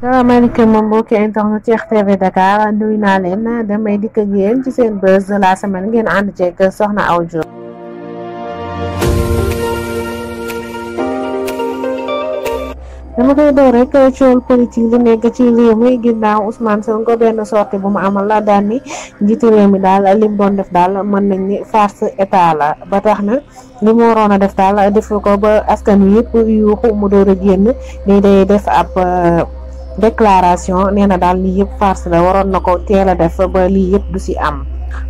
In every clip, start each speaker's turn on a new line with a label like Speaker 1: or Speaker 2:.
Speaker 1: salaamaaleykum moom mbokki internet Cheikh TV Dakar nuyu naa leen damay dikk ak yéen ci seen buzz de la semaine ngeen ànd ceeg soxna Awa Diop. dama koy door rek cool politique li nekk ci réew mi ginnaaw Ousmane Sonko bu mu amal la ni mi lim doon def daal mën nañ ni farce état la ba tax na li mu waroon def daal ko ba askan ni day def ab. déclaration nee na daal lii yëpp farce la waroon na ko teel def ba lii yëpp du si am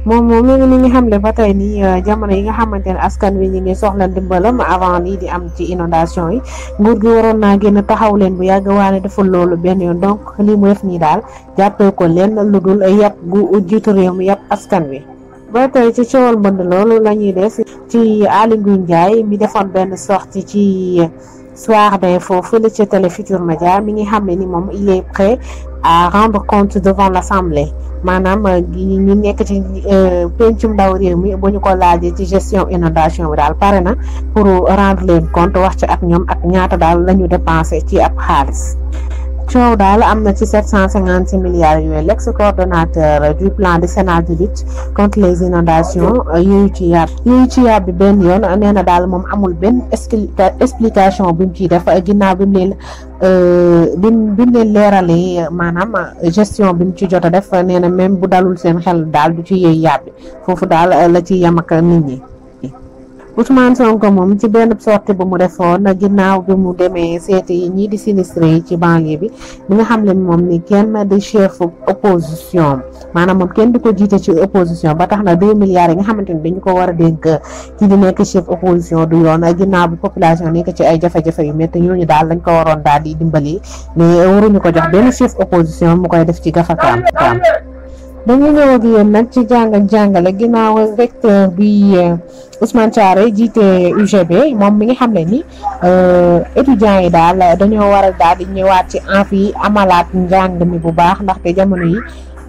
Speaker 1: moom moom mi ngi ni ngi xamle ba tey ni euh, jamono yi nga xamante ne askan wi ni ngi soxla ndimbalam avant lii di am ci inondation yi nguur gi waroon naa génn taxaw leen bu yàgg waane deful loolu benn yoon donc lii mu def nii daal jàppee ko leen lu dul yàpp gu jiitu réew mi yàpp askan wi ba tey ci coowal mbënd loolu la ñuy des ci Aly Ngouille Ndiaye mi defoon benn sortie ci soir d'info fële ca Télé Futurs Médias mi ngi xam ni moom il est prêt à rendre compte devant l'Assemblée maanaam euh, ñu nekk ci euh, pencum ndaw réew mi bu ñu ko laajee ci gestion inondation bi daal pare na pour rendre leen compte wax ci ak ñoom ak ñaata daal la ñu dépensé ci ab xaalis coow daal am na ci 750 milliards yooyu l'ex-coordonnateur du plan décennal de lutte contre les inondations yooyu ci yàb yooyu ci yàb bi benn yoon nee na daal moom amul benn explication bi mu ciy def ginnaaw bi mu leen euh, bi bi mu leen maanaam gestion bi mu ci jot a def nee na même bu dalul seen xel daal du ci yëy yàbbi foofu daal la ci yam ak nit ñi Ousmane Sonko moom ci benn sortie bu mu defoon ginnaaw bi mu demee seeti yi ñii di sinistre yi ci banlieue bi mi nga xam ne moom ni kenn di chef opposition maanaam moom kenn di ko jiite ci opposition ba tax na deux milliards yi nga xamante ni dañu ko war a dénk ki di nekk chef opposition du yoon ginnaaw bi population nekk ci ay jafe-jafe yu métti ñooñu daal lañ ko waroon daal di dimbali mais waruñu ko jox benn chef opposition mu koy def ci gafakaam dañu ñëw ak yéen nag ci jàng ak jàngale ginnaaw recteur bi eh, Ousmane Thiaré jiite UGB moom mi ngi xam ne ni eh, étudiants yi daal dañoo war a daal di ñëwaat ci enf yi amalaat njàng mi bu baax ndaxte jamono yi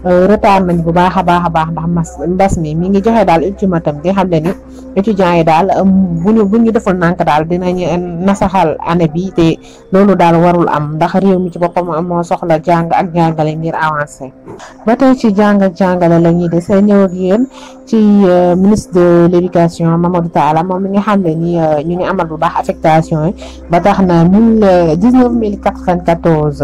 Speaker 1: Euh, retard nañ bu baax a baax a baax ndax mbas mi mi ngi joxe daal ultimatum di xam ne ni étudiants yi daal euh, bu ñu bu ñu deful nànk daal dinañ nasaxal année bi te loolu daal warul am ndax réew mi ci boppam moo soxla jàng ak jàngale ngir avancé. ba tey ci jàng ak jàngale la ñuy dese ñëw ci euh, ministre de l' éducation Mamadou Talla moom mi nga xam ne ni ñu ngi amal bu baax affectation yi ba tax na mille dix neuf mille quatre vingt quatorze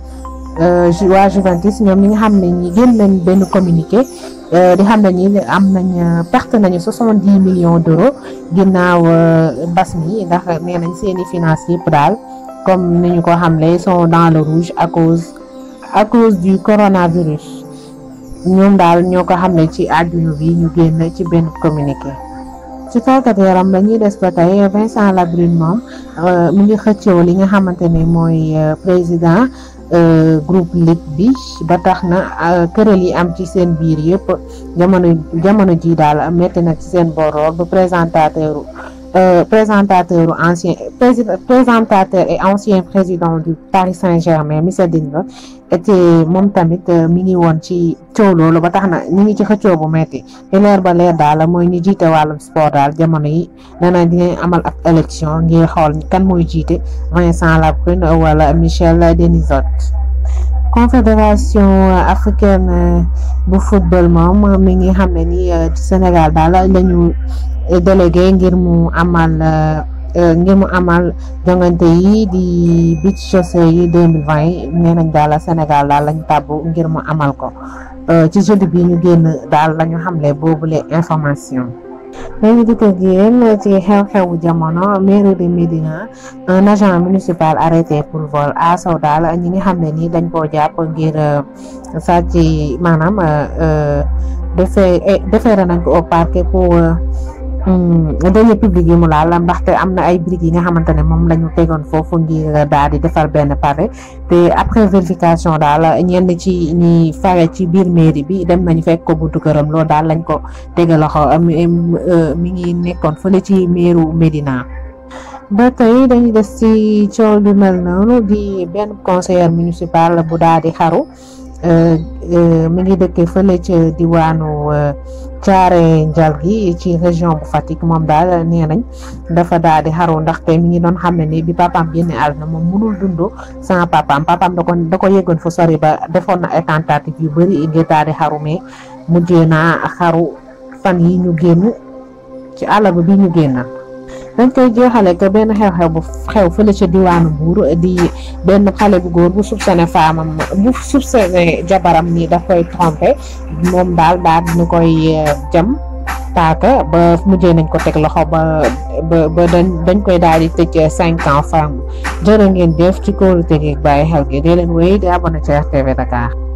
Speaker 1: Euh, waa Juventus ñoom ñi nga xam ne ñi génn nañ benn communiqué euh, di xam ne ñi am nañ euh, perte nañu soixante millions d' euros ginnaaw bas mi ndax nee nañ seen i finance yëpp daal comme ni ñu ko xamle sont dans le rouge à cause à cause du coronavirus ñoom daal ñoo ko xam ne ci àdduna bi ñu génn ci benn communiqué. ci tàggat yaram la ñuy des ba tey Vincent Labrune moom mu ngi xëccoo li nga xamante ne mooy président. Euh, groupe ligue bi ba tax na euh, këral yi am ci seen biir yëpp jamono jamono ji daal metti na ci seen boroor ba présentateur Euh, présentateur, ancien, présentateur et ancien président du Paris Saint-Germain Missa Deñba était mon tamit euh, mini won ci coow loolu ba taxna ni ngi ci xëccoo bu metti te leer ba leer daal mooy ñu jiite wàllum sport daal jamono yi nee dinañ amal élection ngir xool kan mooy jiite Vincent Labrune wala Michel Denisot. confédération africaine euh, bu football moom mi ngi xam ne ni Sénégal daal lañu délégué ngir mu amal euh, euh, ngir mu amal jongante yi di beach soccer yi 2020 yi nee nañ daal Sénégal daal lañ tàbb ngir mu amal ko euh, ci jeudi bi ñu génn daal la ñu xamle boobule information. dañu dikk ak xew jamono mairie de Médina un agent municipal arrêté pour vol à Sow daal ñi nga xam ne nii dañ koo jàpp ngir sàcc maanaam defee eh, defeere nañ ko au pour. deuxième public yi mu laal ndaxte am na ay briques yi nga xamante ne moom lañu ñu tegoon foofu ngir daal di defar benn pare te après vérification daal ñenn ci ñi fare ci biir mairie bi dem nañu fekk ko buntu këram loolu daal lañ ko tegaloxo euh, mi ngi nekkoon fële ci meeru Médina. ba tey dañuy des ci coow bi mel noonu di benn conseiller municipal bu daal di xaru euh, euh, mi ngi dëkkee fële ci diwaanu caare njal gi ci région bu Fatick moom daal nee nañ dafa daal di xaru ndaxte mi ngi doon xam ne ni bi papaam àdduna moom mënul dundo sans papaam papaam da ko da ko yeggoon fu sori ba defoon na ay tentative yu bëri ngir daal di xaru mais xaru fan yi ñu génn ci àll bi ñu génn dañ koy jeexale que benn xew-xew bu xew diwaanu Mbuur benn xale bu góor bu soupçonné faamam bu soupçonné jabaram ni daf koy trompé moom daal daal dina koy eh, jam paaka ba mujjee nañ ko teg loxo ba dañ koy daal di tëj eh, cinq ans ferme jërë ngeen jëf ci kóolu tëgeeg bàyyi xel gi dee leen wéy di abonné ci Dakar